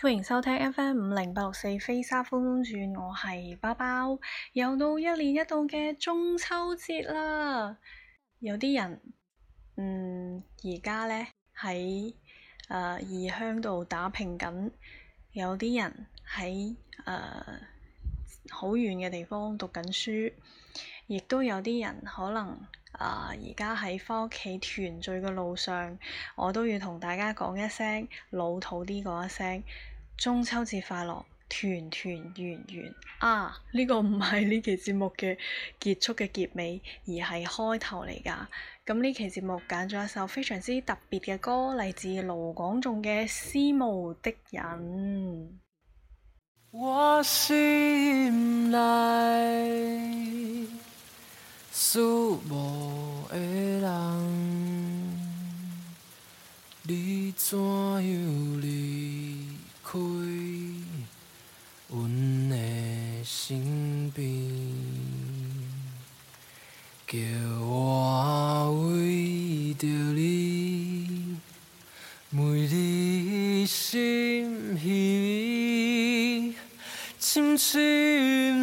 歡迎收聽 FM 五零八六四《飛沙風中轉》，我係包包，又到一年一度嘅中秋節啦。有啲人，嗯，而家呢喺誒異鄉度打拼緊；有啲人喺呃好遠嘅地方讀緊書；亦都有啲人可能。啊！而家喺返屋企團聚嘅路上，我都要同大家講一聲老土啲嗰一聲，中秋節快樂，團團圓圓啊！呢個唔係呢期節目嘅結束嘅結尾，而係開頭嚟噶。咁呢期節目揀咗一首非常之特別嘅歌，嚟自盧廣仲嘅《思慕的人》。我心內。思慕的人，你怎樣離開阮的身邊？叫我為着你，每日心稀微，深深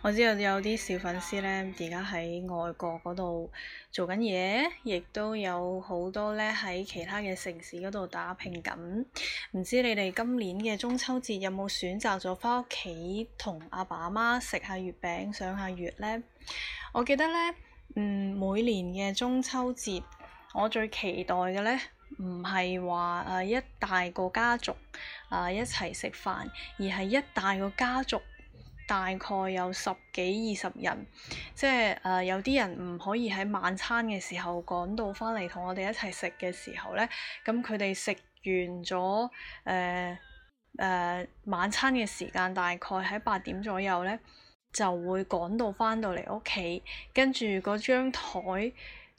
我知道有啲小粉絲咧，而家喺外國嗰度做緊嘢，亦都有好多咧喺其他嘅城市嗰度打拼緊。唔知你哋今年嘅中秋節有冇選擇咗返屋企同阿爸阿媽食下月餅、賞下月咧？我記得咧，嗯，每年嘅中秋節，我最期待嘅咧，唔係話誒一大個家族啊一齊食飯，而係一大個家族。大概有十幾二十人，即係誒有啲人唔可以喺晚餐嘅時候趕到返嚟同我哋一齊食嘅時候呢，咁佢哋食完咗誒誒晚餐嘅時間，大概喺八點左右呢，就會趕到返到嚟屋企，跟住嗰張枱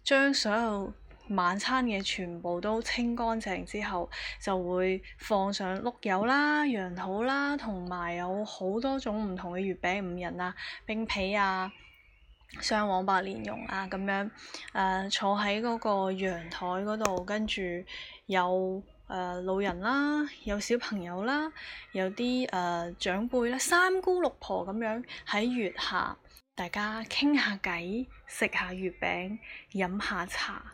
將所有。晚餐嘅全部都清乾淨之後，就會放上碌柚啦、楊桃啦，同埋有好多種唔同嘅月餅，五仁啊、冰皮啊、雙黃白蓮蓉啊咁樣。誒、呃，坐喺嗰個陽台嗰度，跟住有誒、呃、老人啦，有小朋友啦，有啲誒、呃、長輩啦，三姑六婆咁樣喺月下，大家傾下偈，食下月餅，飲下茶。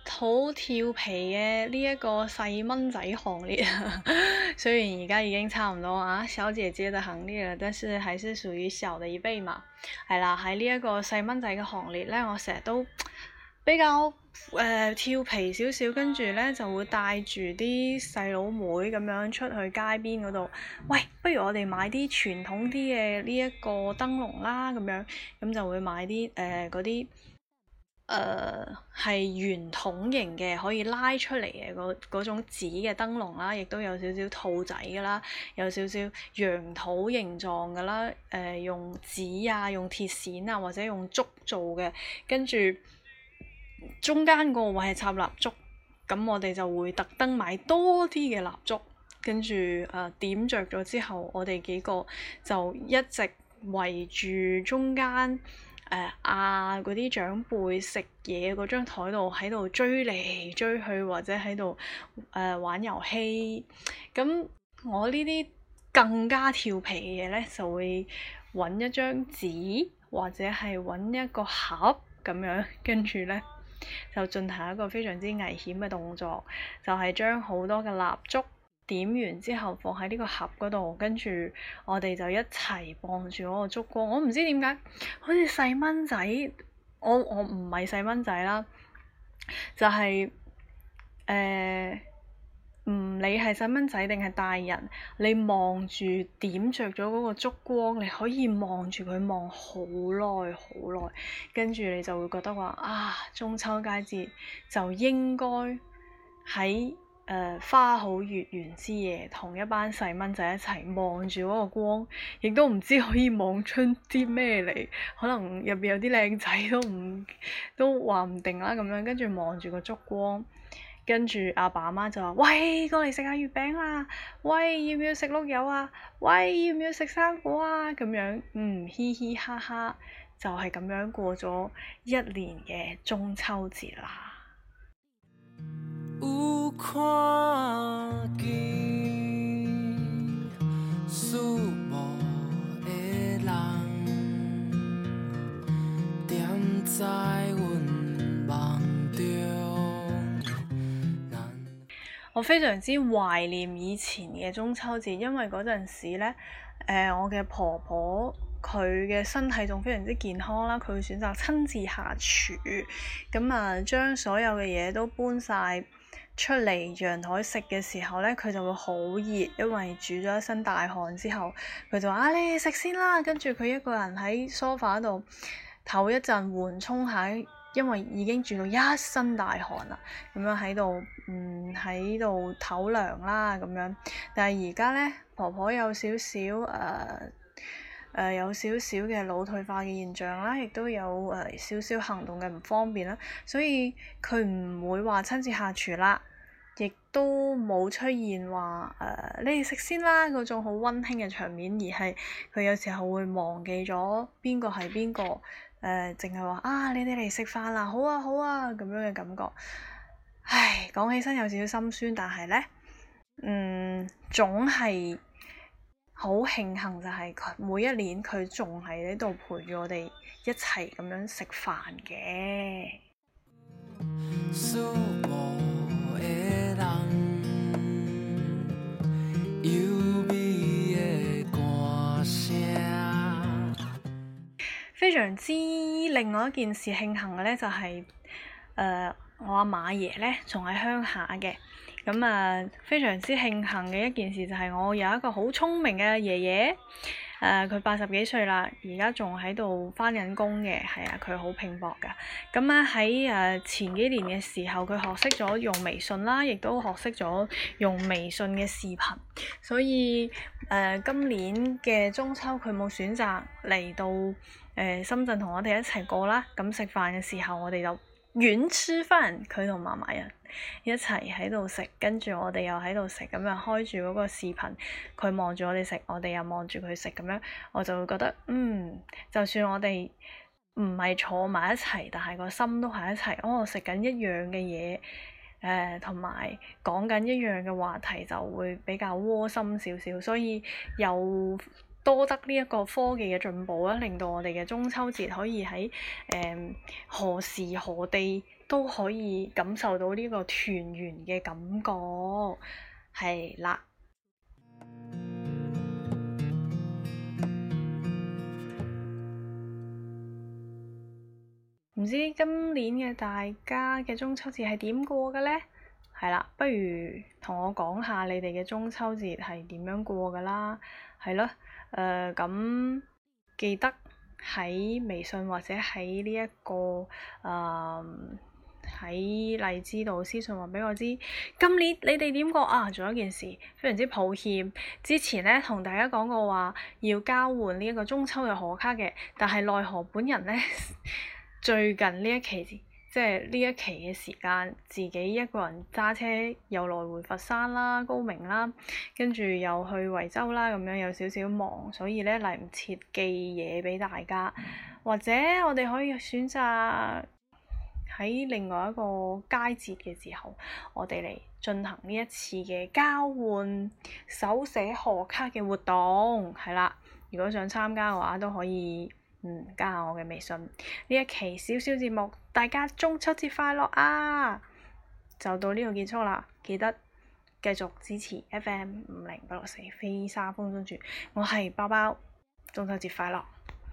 好調皮嘅呢一個細蚊仔行列， 雖然而家已經差唔多啊，小姐姐嘅行列啦，但是仲係屬於細嘅一輩嘛，係啦，喺呢一個細蚊仔嘅行列咧，我成日都比較誒調皮少少，跟住咧就會帶住啲細佬妹咁樣出去街邊嗰度。喂，不如我哋買啲傳統啲嘅呢一個燈籠啦，咁樣咁就會買啲誒嗰啲。呃誒係圓筒形嘅，可以拉出嚟嘅嗰嗰種紙嘅燈籠啦，亦都有少少兔仔㗎啦，有少少羊肚形狀㗎啦，誒、呃、用紙啊、用鐵線啊或者用竹做嘅，跟住中間嗰個位係插蠟燭，咁我哋就會特登買多啲嘅蠟燭，跟住誒點着咗之後，我哋幾個就一直圍住中間。呃、啊，嗰啲長輩食嘢嗰張台度喺度追嚟追去，或者喺度、呃、玩遊戲。咁我呢啲更加調皮嘅嘢呢，就會揾一張紙或者係揾一個盒咁樣，跟住呢，就進行一個非常之危險嘅動作，就係將好多嘅蠟燭。點完之後放喺呢個盒嗰度，跟住我哋就一齊望住嗰個燭光。我唔知點解，好似細蚊仔，我我唔係細蚊仔啦，就係，誒，唔理係細蚊仔定係大人，你望住點着咗嗰個燭光，你可以望住佢望好耐好耐，跟住你就會覺得話啊，中秋佳節就應該喺～呃、花好月圓之夜，同一班細蚊仔一齊望住嗰個光，亦都唔知可以望出啲咩嚟。可能入邊有啲靚仔都唔都話唔定啦。咁樣跟住望住個燭光，跟住阿爸媽就話：喂，過嚟食下月餅啦！喂，要唔要食碌柚啊？喂，要唔要食生果啊？咁樣嗯，嘻嘻哈哈，就係咁樣過咗一年嘅中秋節啦。我非常之懷念以前嘅中秋節，因為嗰陣時咧、呃，我嘅婆婆，佢嘅身體仲非常之健康啦，佢會選擇親自下廚，咁啊，將所有嘅嘢都搬晒。出嚟陽台食嘅時候咧，佢就會好熱，因為煮咗一身大汗之後，佢就話：啊，你哋食先啦。跟住佢一個人喺 sofa 度唞一陣緩衝下，因為已經煮到一身大汗啦，咁樣喺度嗯喺度唞涼啦咁樣。但係而家咧，婆婆有少少誒、呃誒、呃、有少少嘅腦退化嘅現象啦，亦都有誒少少行動嘅唔方便啦，所以佢唔會話親自下廚啦，亦都冇出現話誒、呃、你哋食先啦嗰種好温馨嘅場面，而係佢有時候會忘記咗邊個係邊個，誒淨係話啊你哋嚟食飯啦，好啊好啊咁樣嘅感覺。唉，講起身有少少心酸，但係咧，嗯，總係。好慶幸就係佢每一年佢仲喺呢度陪住我哋一齊咁樣食飯嘅。非常之另外一件事慶幸嘅呢、就係，就、呃、係，我阿馬爺呢，仲喺鄉下嘅。咁啊，非常之慶幸嘅一件事就係我有一個好聰明嘅爺爺，誒佢八十幾歲啦，而家仲喺度返緊工嘅，係啊，佢好拼搏㗎。咁啊喺誒前幾年嘅時候，佢學識咗用微信啦，亦都學識咗用微信嘅視頻，所以誒、呃、今年嘅中秋佢冇選擇嚟到誒、呃、深圳同我哋一齊過啦。咁食飯嘅時候，我哋就～遠處飯，佢同嫲嫲人一齊喺度食，跟住我哋又喺度食，咁樣開住嗰個視頻，佢望住我哋食，我哋又望住佢食，咁樣我就會覺得，嗯，就算我哋唔係坐埋一齊，但係個心都係一齊，哦，食緊一樣嘅嘢，誒、呃，同埋講緊一樣嘅話題，就會比較窩心少少，所以有。多得呢一個科技嘅進步啦，令到我哋嘅中秋節可以喺誒、呃、何時何地都可以感受到呢個團圓嘅感覺，係啦。唔知今年嘅大家嘅中秋節係點過嘅呢？係啦，不如同我講下你哋嘅中秋節係點樣過㗎啦，係咯。誒咁、呃、記得喺微信或者喺呢一個誒喺、呃、荔枝度私信話畀我知，今年你哋點過啊？仲有一件事，非常之抱歉，之前咧同大家講過話要交換呢一個中秋嘅賀卡嘅，但係奈何本人咧最近呢一期，即係呢一期嘅時間，自己一個人揸車又來回佛山啦、高明啦，跟住又去惠州啦，咁樣有少少忙，所以呢，嚟唔切寄嘢俾大家。或者我哋可以選擇喺另外一個佳節嘅時候，我哋嚟進行呢一次嘅交換手寫賀卡嘅活動，係啦。如果想參加嘅話，都可以。嗯，加下我嘅微信。呢一期小小節目，大家中秋節快樂啊！就到呢度結束啦，記得繼續支持 F.M. 五零八六四《飛沙風中轉》，我係包包，中秋節快樂，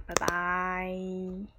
拜拜。